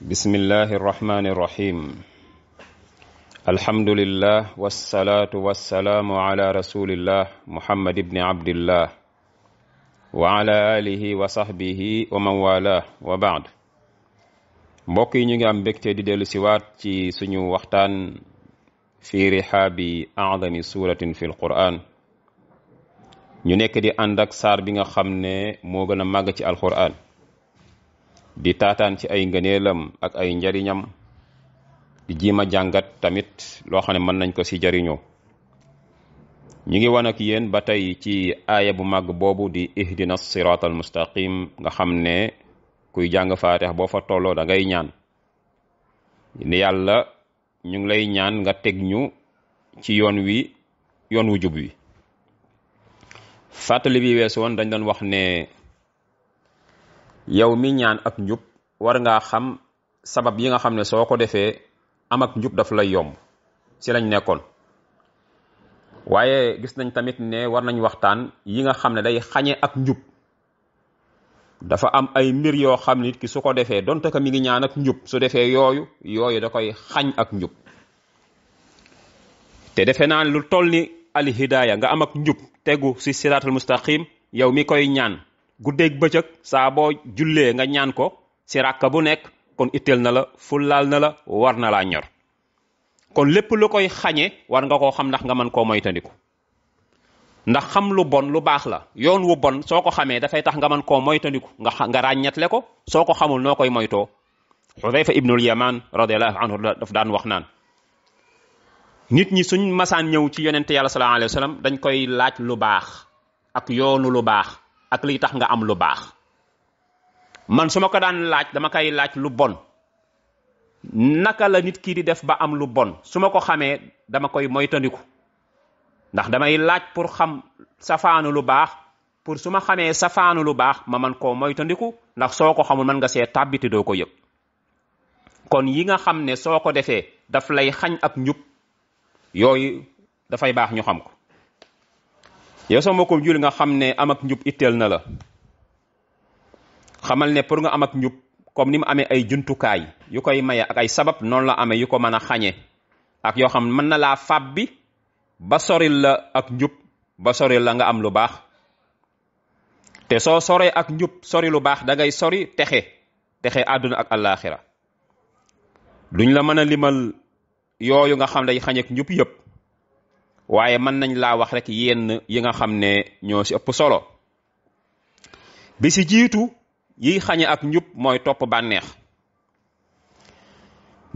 bismillahi irrahmani irrahim alhamdulillah walsalaatu walsalaamu ala rasulillah muhammad ibni abdillah wa ala alihi wa sahbihi wa man wala wa baad mbokk yi ñu ngi am mbégte di dellu siwaat ci suñu waxtaan fii rihaabi adami suratin fi l quran ñu nekk di ànd ak saar bi nga xam ne moo gën a màgg ci alquran di taataan ci ay ngëneelam ak ay njariñam di jiima jàngat tamit loo xam ne mën nañ ko ci jariñoo ñu ngi wanak ak yéen ba tey ci aaya bu màgg boobu di ihdina siraatal mustaqim nga xam ne kuy jàng faatix boo fa tolloo dangay ñaan yàlla ñu ngi lay ñaan nga teg ñu ci yoon wi yoon wu jub wi fàttali bi weesu woon dañ doon wax ne yow mi ñaan ak njub war ngaa xam sabab yi nga xam ne soo ko defee am ak njub daf lay yomb ci lañ nekkoon waaye gis nañ tamit ne war nañ waxtaan yi nga xam ne day xañe ak njub dafa am ay mbir yoo xam nit ki su ko defee donte mi ngi ñaan ak njub su defee yooyu yooyu da koy xañ ak njub te defe naa lu toll ni al hidaaya nga am ak njub tegu si siraatal mustaqim yow mi koy ñaan guddeeg bëccëg saa boo jullee nga ñaan ko si ràkka bu nekk kon itteel na la fullaal na la war na laa ñor kon lépp lu koy xañee war nga koo xam ndax nga mën koo moytandiku ndax xam lu bon lu baax la yoon wu bon soo ko xamee dafay tax nga mën koo moytandiku nga nga ràññatle ko soo ko xamul noo koy moytoo xudayfa ibnul yaman radiallahu anhu daf daan wax naan nit ñi suñ masaan ñëw ci yonente yàlla sallallahu alayhi dañ koy laaj lu baax ak yoonu lu baax ak tax nga am lu baax man su ma ko daan laaj dama koy laaj lu bon naka la nit kii di def ba am lu bon su ma ko xamee dama koy moytandiku ndax damay laaj pour xam safaanu lu baax pour su ma xamee safaanu lu baax ma man koo moytandiku ndax soo ko xamul mën nga see tàbbiti doo ko yëg kon yi nga xam ne soo ko defee daf lay xañ ak njub yooyu dafay baax ñu xam ko yow sama mbokkum julli nga xam ne am ak njub itteel na la xamal ne pour nga am ak njub comme ni mu amee ay jumtukaay yu koy maye ak ay sabab noonu la amee yu ko mën a xañe ak yoo xam ne mën na laa fab bi ba soril la ak njub ba soril la nga am lu baax te soo soree ak njub sori lu baax da ngay sori texe texe àdduna ak àllaaxira duñ la mën a limal yooyu nga xam day xañek njub yëpp waaye mën nañ laa wax rek yenn yi nga xam ne ñoo ci ëpp solo bi ci jiitu yiy xañe ak njub mooy topp bànneex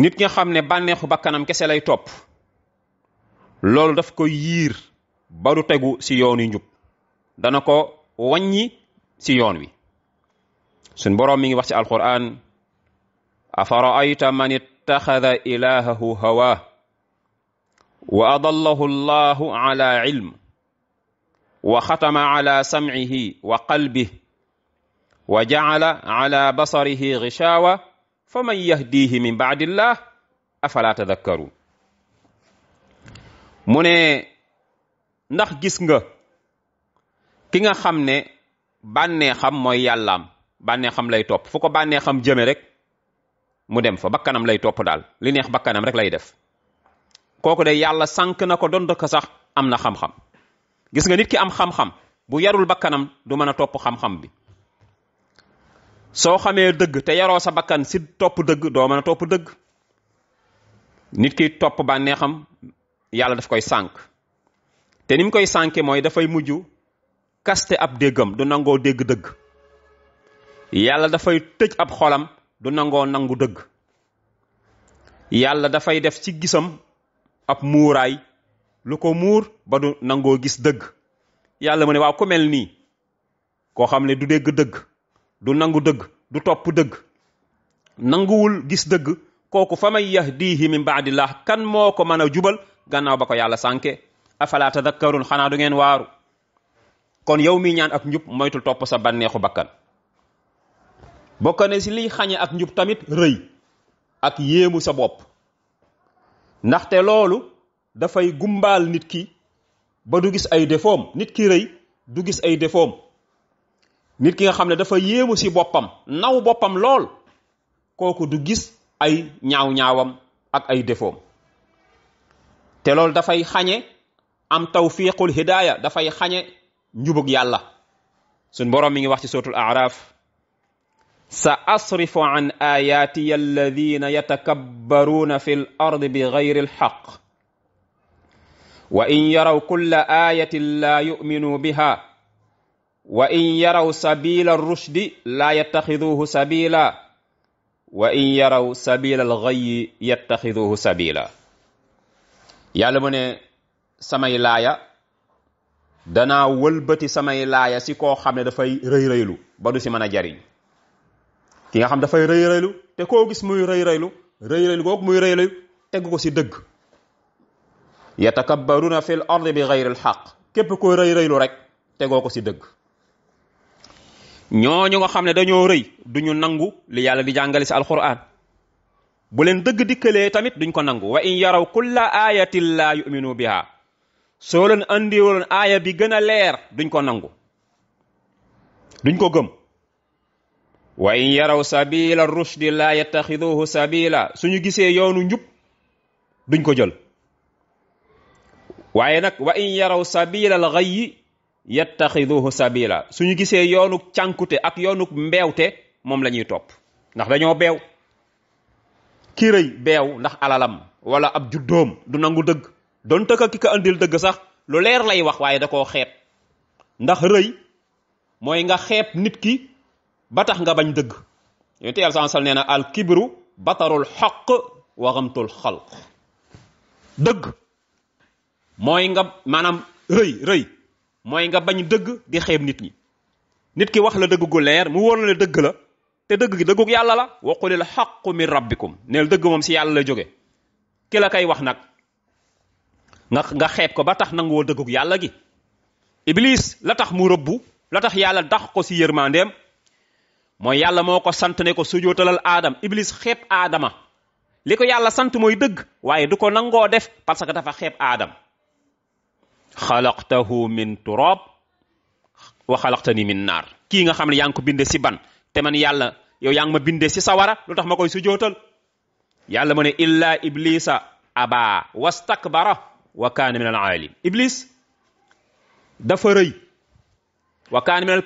nit nga xam ne bànneexu bakkanam kese lay topp loolu daf ko yiir baru tegu ci yoon wi njub dana ko waññi ci yoon wi suñ boroom mi ngi wax ci alquran afara'ayta man ittaxada ilahahu hawaa wa adallahu llahu ala ilm wa xatama ala samcihi wa qalbih wa jacala ala basarihi gishawa fa man yahdihi min baadillah afala tadakkaruun mu ne ndax gis nga ki nga xam ne bànnee xam mooy yàllaam bànnee xam lay topp fu ko bànnee xam jëme rek mu dem fa bakkanam lay topp daal li neex bakkanam rek lay def kooku de yàlla sànq na ko dond ko sax am na xam-xam gis nga nit ki am xam-xam bu yarul bakkanam du mën a topp xam-xam bi soo xamee dëgg te yaroo sa bakkan si topp dëgg doo mën a topp dëgg nit ki topp bànneexam yàlla daf koy sànq te ni koy sànke mooy dafay mujj kaste ab déggam du nangoo dégg dëgg yàlla dafay tëj ab xolam du nangoo nangu dëgg yàlla dafay def ci gisam ak muuraay lu ko muur ba du nangoo gis dëgg yàlla mu ne waaw ku mel nii koo xam ne du dégg dëgg du nangu dëgg du topp dëgg nanguwul gis dëgg kooku fa may yahdihi min baadillah kan moo ko mën a jubal gannaaw ba ko yàlla sànke afala tadakkarun xanaa du ngeen waaru kon yow mi ñaan ak njub moytul topp sa bànneexu bakkan bokk ne si liy xañe ak njub tamit rëy ak yéemu sa bopp ndaxte loolu dafay gumbaal nit ki ba du gis ay defoom nit ki rey du gis ay defoom nit ki nga xam ne dafa yéemu ci boppam naw boppam lool kooku du gis ay ñaaw-ñaawam ak ay defoom te loolu dafay xañe am tawfiqul hidaaya dafay xañe njubug yàlla suñ borom mi ngi wax ci sootul araaf sa asrifu an ayaatiya alladina yatakabbaruuna fi l ardi bi gayri lxaq wa in yaraw kulla aayatin laa yuminuu biha wa in yaraw sabila rushdi laa yattaxiduuhu sabila wa in yaraw sabila alxayyi yattaxiduuhu sabila yàlla mu ne samay laaya danaa wëlbati samay laaya si koo xam ne dafay rëy rëylu ba du si mën a jariñ ki nga xam dafay rëy rëylu te koo gis muy rëy rëylu rëy rëylu googu muy rëy rëylu ko ci dëgg yatakabbaruna fil ardi bi ghayril xaq képp koy rëy rëylu rek tegoo ko ci dëgg ñooñu nga xam ne dañoo rëy duñu nangu li yàlla di jàngale ci alquran bu leen dëgg dikkalee tamit duñ ko nangu wa in yaraw kulla ayatin laa yuminu biha soo leen andiwaloon aaya bi gën a leer duñ ko nangu duñ ko gëm wa in yaraw sabila rushdi laa yattaxiduhu sabila suñu gisee yoonu njub duñ ko jël waaye nag wa in yaraw sabila al xayyi yattaxiduhu sabila suñu gisee yoonu cànkute ak yoonu mbeewte moom lañuy topp ndax dañoo beew ki rëy beew ndax alalam wala ab juddoom du nangu dëgg doon tëkk ki ko andil dëgg sax lu leer lay wax waaye da koo xeeb ndax rëy mooy nga xeeb nit ki ba tax nga bañ dëgg yonent yàlla sallallahu alayhi wasallam nee na al kibru batarul xaq wa xamtul xalq dëgg mooy nga maanaam rëy rëy mooy nga bañ dëgg di xeeb nit ñi nit ki wax la dëgg gu leer mu wóor la dëgg la te dëgg gi dëggug yàlla la wa qulil xaqu min rabbikum neel dëgg moom si yàlla la jóge ki la koy wax nag nga nga xeeb ko ba tax nanguwoo dëggug yàlla gi iblis la tax mu rëbbu la tax yàlla dax ko si yërmandeem mooy yàlla moo ko sant ne ko sujootalal aadam iblis xeeb aadama li ko yàlla sant mooy dëgg waaye du ko nangoo def parce que dafa xeeb aadam xalaqtahu min turab wa xalaqtani min naar kii nga xam ne yaa ngi ko binde si ban te man yàlla yow yaa ngi ma binde si sawara lu tax ma koy sujootal yàlla mu ne illa iblisa aba wastakbara wa kaana min al aalim iblis dafa wa kaana min al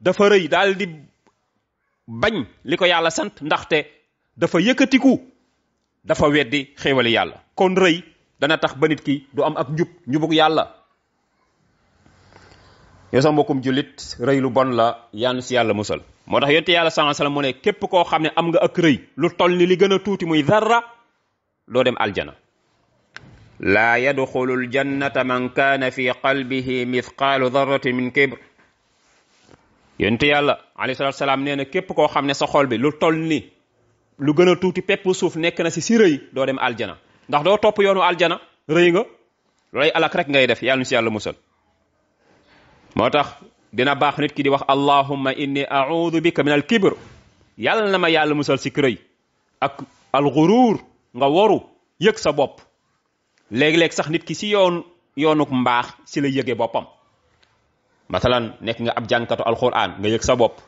dafa rëy daal di bañ li ko yàlla sant ndaxte dafa yëkkatiku dafa weddi xéewali yàlla kon rëy dana tax banit ki du am ak njub njubug yàlla yow sa mbokkum jullit rëy lu bon la yaanu si yàlla musal moo tax yonte yàlla sallallahu alayhi mu ne képp koo xam ne am nga ak rëy lu toll ni li gën a tuuti muy dara doo dem aljana laa yadxulu aljannata man kaana fi qalbihi mithqaalu darratin min kibr yonent yàlla alayhi salaatu salaam nee na képp koo xam ne sa xool bi lu toll ni lu gën a tuuti pepp suuf nekk na si si rëy doo dem aljana ndax doo topp yoonu aljana rëy nga loolay alak rek ngay def yàlla nu si yàlla musal moo tax dina baax nit ki di wax allahumma inni audu bika min al kibr yàlla na ma yàlla musal si rëy ak al guruur nga waru yëg sa bopp léeg-léeg sax nit ki si yoon yoonuk mbaax si la yëge boppam masalan nekk nga ab jànkatu alxuraan nga yëg sa bopp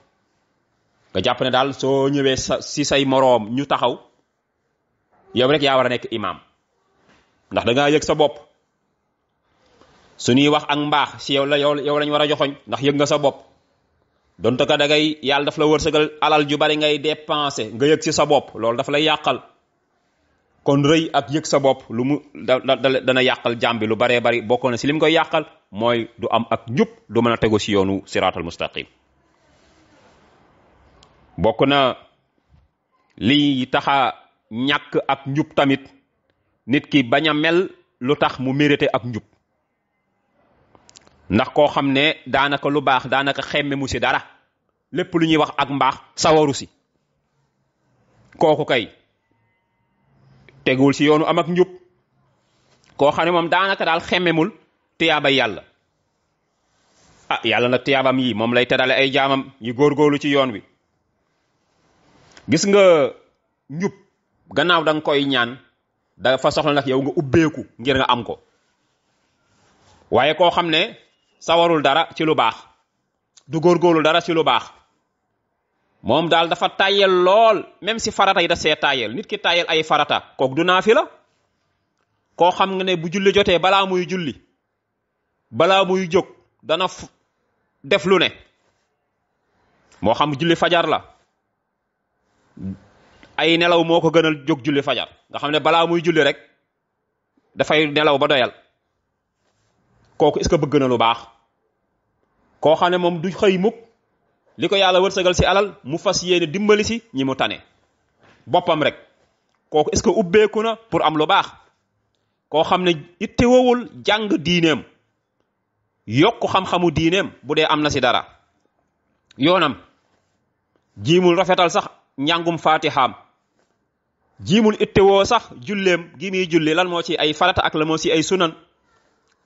nga jàpp ne daal soo ñëwee sa si say moroom ñu taxaw yow rek yaa war a nekk imaam ndax da ngaa yëg sa bopp su ñuy wax ak mbaax si yow la yow yow lañ war a joxoñ ndax yëg nga sa bopp donte ka da ngay yàlla daf la wërsëgal alal ju bari ngay dépenser nga yëg si sa bopp loolu dafa lay yàqal kon rëy ak yëg sa bopp lu mu da dana yàqal jàmbi lu bare bari bokkoon na si lim koy yàqal mooy du am ak njub du mën a tegu ci yoonu siraatal mustaqim bokk na li taxa ñàkk ak njub tamit nit ki bañ a mel lu tax mu mérité ak njub ndax koo xam ne daanaka lu baax daanaka xemme mu ci dara lépp lu ñuy wax ak mbaax sawaru ci kooku kay teguwul ci yoonu am ak njub koo xam ne moom daanaka daal xemmemul tuyaaba yàlla ah yàlla nag tuyaabam yi moom lay terale ay jaamam yi góorgóorlu ci yoon wi gis nga njub gannaaw danga koy ñaan dafa soxla nag yow nga ubbeeku ngir nga am ko waaye koo xam ne sawarul dara ci lu baax du góor góorlu dara ci lu baax moom daal dafa tàyyel lool même si farata yi da see tàyyel nit ki tàyyel ay farata kook du naafila koo xam ne bu julli jotee balaa muy julli balaa muy jóg dana def lu ne moo xam julli fajar la ay nelaw moo ko gënal jóg julli fajar nga xam ne balaa muy julli rek dafay nelaw ba doyal kooku est bëgg na lu baax koo xam ne moom du xëy mukk li ko yàlla wërsëgal si alal mu fas yéene dimbali si ñi mu tane boppam rek kooku est-ce que ubbeeku na pour am lu baax koo xam ne ittewowul jàng diineem yokk xam-xamu diineem bu dee am na si dara yoonam jiimul rafetal sax njàngum faati faatixaam jiimul ittewoo sax julleem gi muy julli lan moo ci ay farata ak la moo ci ay sunan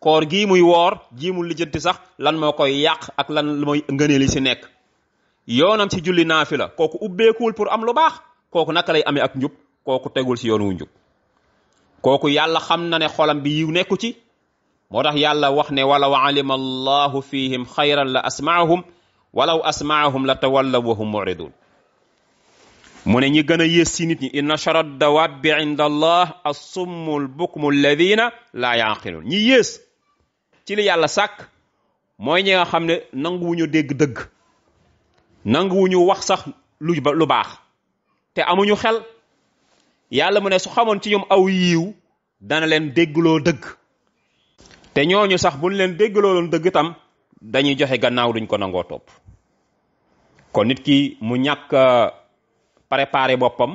koor gii muy woor jiimul lijjanti sax lan moo koy yàq ak lan mooy ngëneel yi si nekk yoonam si julli naafila kooku ubbeekuwul pour am lu baax kooku naka lay amee ak njub kooku tegul si yoon wu njub kooku yàlla xam na ne xolam bi yiw nekku ci moo tax yàlla wax ne walaw alima allahu fihim xayran la asmaahum walaw asmaahum la tawallaw wa hum muridun mu ne ñi gën a yées si nit ñi inna charat dawabi inda allah assummul bukmu alladina la yaqilun ñi yées ci li yàlla sàkk mooy ñi nga xam ne nanguwuñu dégg dëgg nanguwuñu wax sax lu lu baax te amuñu xel yàlla mu ne su xamoon ci ñoom aw yiiw dana leen déggloo dëgg te ñooñu sax buñ leen déggloo dëgg tam dañuy joxe gannaaw duñ ko nangoo topp kon nit ki mu ñàkk préparer boppam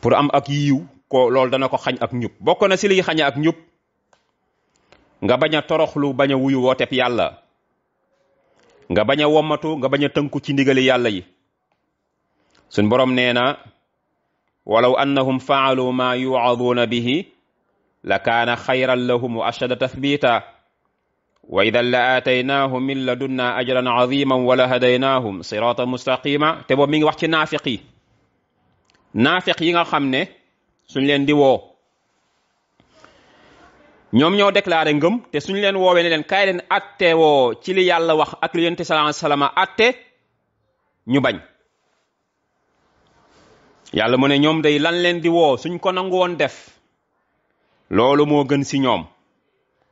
pour am ak yiw ko loolu dana ko xañ ak ñub bokk na si liy xañe ak ñub nga bañ a toroxlu bañ a wuyu wooteb yàlla nga bañ a wommatu nga bañ a tënku ci ndigali yàlla yi suñ boroom nee na walaw annahum faalu ma yuaduuna bihi la kaana xayran lahum wa ashadda tathbita wa idan la aataynaahum min ladunna ajran aziman wa la hadaynaahum siratan mustaqima te boobu mi ngi wax ci naafiq yi yi nga xam ne suñ leen di woo ñoom ño déclaré ngam te suñ leen woowee ne leen kaay leen atte woo ci li yàlla wax ak li atte ñu bañ yàlla mu ne ñoom day lan leen di woo suñ ko nangu def loolu moo gën si ñoom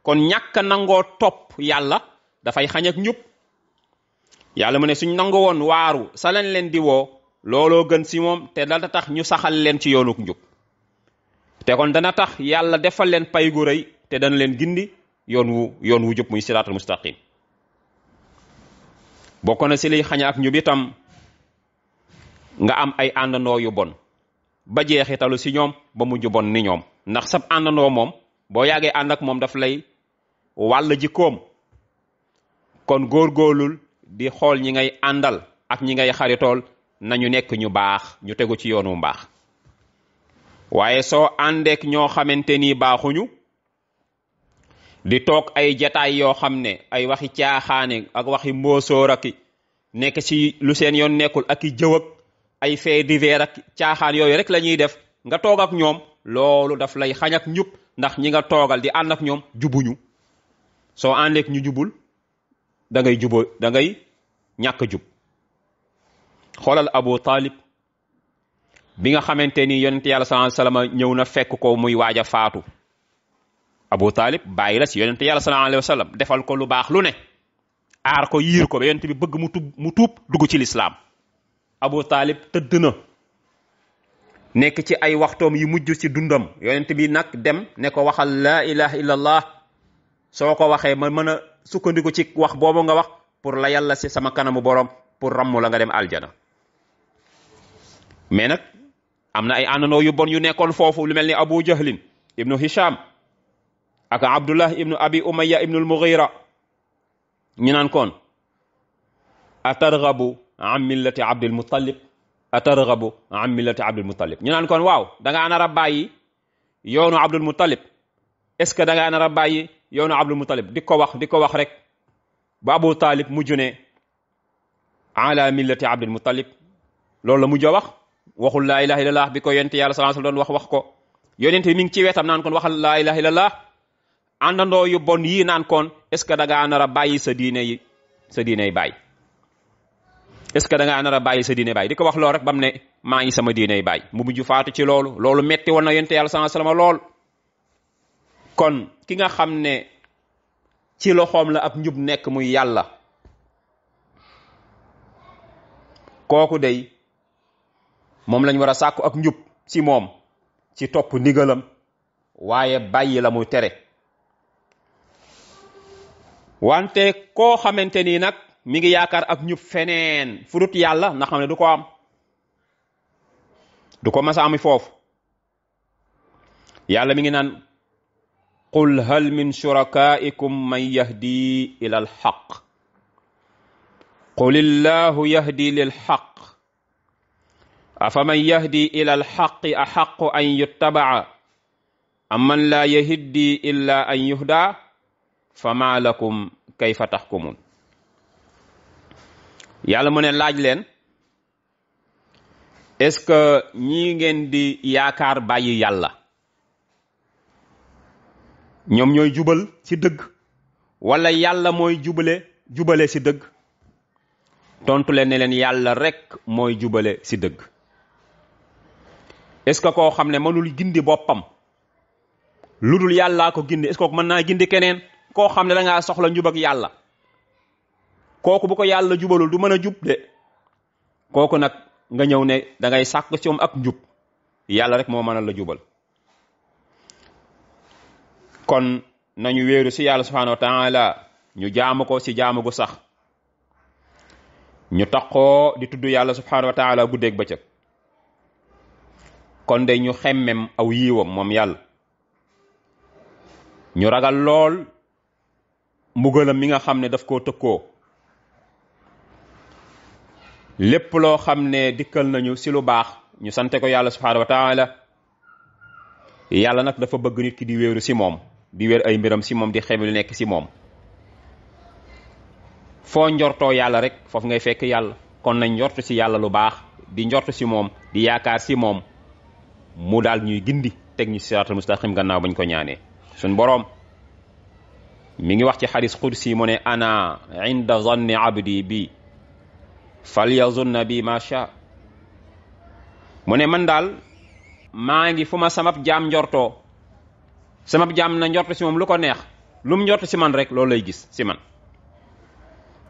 kon ñàkka nangoo topp yàlla dafay xañ ak ñub yàlla mu ne suñ nangu woon waaru sa leen leen di woo looloo gën si moom te dana tax ñu saxal leen ci yoonuk njub te kon dana tax yàlla defal leen pay gu rëy te dana leen gindi yoon wu yoon wu jub muy siraatul mustaqim bokk na si liy xañ ak ñub itam nga am ay àndandoo yu bon ba jeexitalu ci ñoom ba mujj bon ni ñoom ndax sab àndandoo moom boo yàggee ànd ak moom dafa lay wàll jikkoom kon góorgóorlul di xool ñi ngay àndal ak ñi ngay xaritool nañu nekk ñu baax ñu tegu ci yoonu mbaax waaye soo àndeek ñoo xamante ni baaxuñu di toog ay jataay yoo xam ne ay waxi caaxaane ak waxi mboosóor aki nekk ci lu seen yoon nekkul ak i jëwëg ay faits divers ak caaxaan yooyu rek lañuy def nga toog ak ñoom loolu daf lay xañ ak njub ndax ñi nga toogal di ànd ak ñoom jubuñu soo àndeek ñu jubul dangay ngay da ngay ñàkk jub xoolal Abu Talib bi nga xamante ni yonent yàlla sallallahu alayhi wasallam ñëw na fekk ko muy waaj a faatu Abu Talib bàyyi la ci yonent yàlla sallallahu alayhi defal ko lu baax lu ne aar ko yiir ko ba yonent bi bëgg mu mu tuub dugg ci lislaam abu taalib tëdd nekk ci ay waxtoom yu mujj ci dundam yonent bi nag dem ne ko waxal laa ilaha illallah soo ko waxee ma mën a sukkandiku ci wax boobu nga wax pour la yàlla si sama kanamu borom pour rammu la nga dem aljana mais nag am na ay àndandoo yu bon yu nekkoon foofu lu mel ni abu jahlin ibnu hisham ak abdullah ibnu abi umayya ibnu mughira ñu naan koon atargabu an millati abdul muttalib atarghabu an millati abdul muttalib ñu naan kon waaw da ngaa nar a bàyyi yoonu abdul muttalib est ce que da ngaa nar a bàyyi yoonu abdul muttalib di ko wax di ko wax rek ba abu taalib mujj ne ala millati abdul muttalib loolu la mujj a wax waxul laa ilaha illallah bi ko yonent yàlla sallallahu wa sallam wax wax ko yonent bi mi ci wetam naan kon waxal laa ilaha illallah bon yii naan kon est ce que da ngaa nar a bàyyi sa diine est-ce que da ngaa a bàyyi sa diine bàyyi di ko wax loolu rek ba mu ne maa ngi sama diiney bàyyi mu mujj faatu ci loolu loolu metti woon na yonent yàlla sallallahu alayhi lool kon ki nga xam ne ci loxoom la ak njub nekk muy yàlla kooku dey moom lañ war a sàkku ak njub ci moom ci topp ndigalam waaye bàyyi la muy tere wante koo xamante nii nag mi ngi yaakaar ak ñub feneen fu yàlla na ne du ko am du ko mas a am foofu yàlla mi ngi naan qul hal min shurakaikum man yahdi ila al xaq qul illahu yahdi lil xaq afaman yahdi ila al xaqi axaqu an yuttabaa amman laa yahdi illa an yuhda fama lakum kayfa taxkumun yàlla mu ne laaj leen est-ce que ñii ngeen di yaakaar bàyyi yàlla ñoom ñooy jubal ci dëgg wala yàlla mooy jubale jubale si dëgg tontu leen ne leen yàlla rekk mooy jubale si dëgg est-ce que koo xam ne mënul gindi boppam lu dul yàllaa ko gindi est-ce mën naa gindi keneen koo xam ne dangaa soxla njub yàlla kooku bu ko yàlla jubalul du mën a jub de kooku nag nga ñëw ne dangay ngay sàkk ci moom ak njub yàlla rek moo mën a jubal kon nañu weeru si yàlla subhanahu wa taala ñu jaamu ko ci jaamu gu sax ñu taqoo di tudd yàlla subhanahu wa taala guddeeg bëccëg kon de ñu xemmem aw yiiwam moom yàlla ñu ragal lool mbugalam mi nga xam ne daf koo tëkkoo lépp loo xam ne dikkal nañu si lu baax ñu sante ko yàlla subhaanahu wa taala yàlla nag dafa bëgg nit ki di wéeru si moom di wéer ay mbiram si moom di xeme lu nekk si moom foo njortoo yàlla rek foofu ngay fekk yàlla kon na njortu si yàlla lu baax di njortu si moom di yaakaar si moom mu daal ñuy gindi teg ñu siraatal mustaqim gannaaw bañ ko ñaanee suñ boroom mi ngi wax ci xadis si mu ne ana inda zanni abdi bi fal yazunna bi ma sha mu ne man daal maa ngi fu ma samab jaam njortoo samab jaam na njorto si moom lu ko neex lum mu njorto si man rek loolu lay gis si man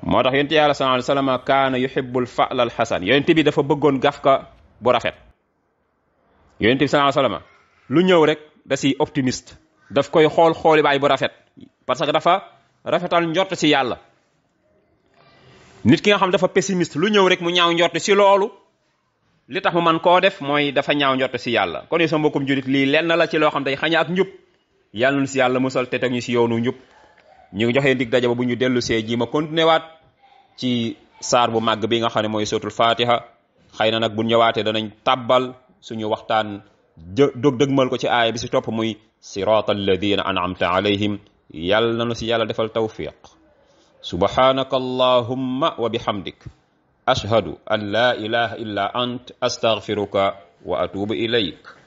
moo tax yonent yàlla sallallahu alayhi wa sallam kaana yuhibbul fa'lal hasan yonent bi dafa bëggoon gaf bu rafet yonent bi sallallahu alayhi lu ñëw rek da si optimiste daf koy xool xooli baay bu rafet parce que dafa rafetal njort si yàlla nit ki nga xam dafa pessimiste lu ñëw rek mu ñaaw njort si loolu li tax mu man koo def mooy dafa ñaaw njort si yàlla kon sa mbokkum jurit lii lenn la ci loo xam day xaña ak njub yàlla nu si yàlla musal te teg ñu si yoonu njub ñu ngi joxe dig ba bu ñu dellu see ji ma continué waat ci saar bu màgg bi nga xam ne mooy sotul fatiha xëy na nag bu ñëwaatee danañ tàbbal suñu waxtaan dëg dëgmal ko ci aaya bi si topp muy siratal ladina an'amta alayhim yàlla na nu si yàlla defal tawfiq subhanaka allahumma wa bihamdik ashhadu an la ilaha illa ant astaghfiruka wa atubu ilayk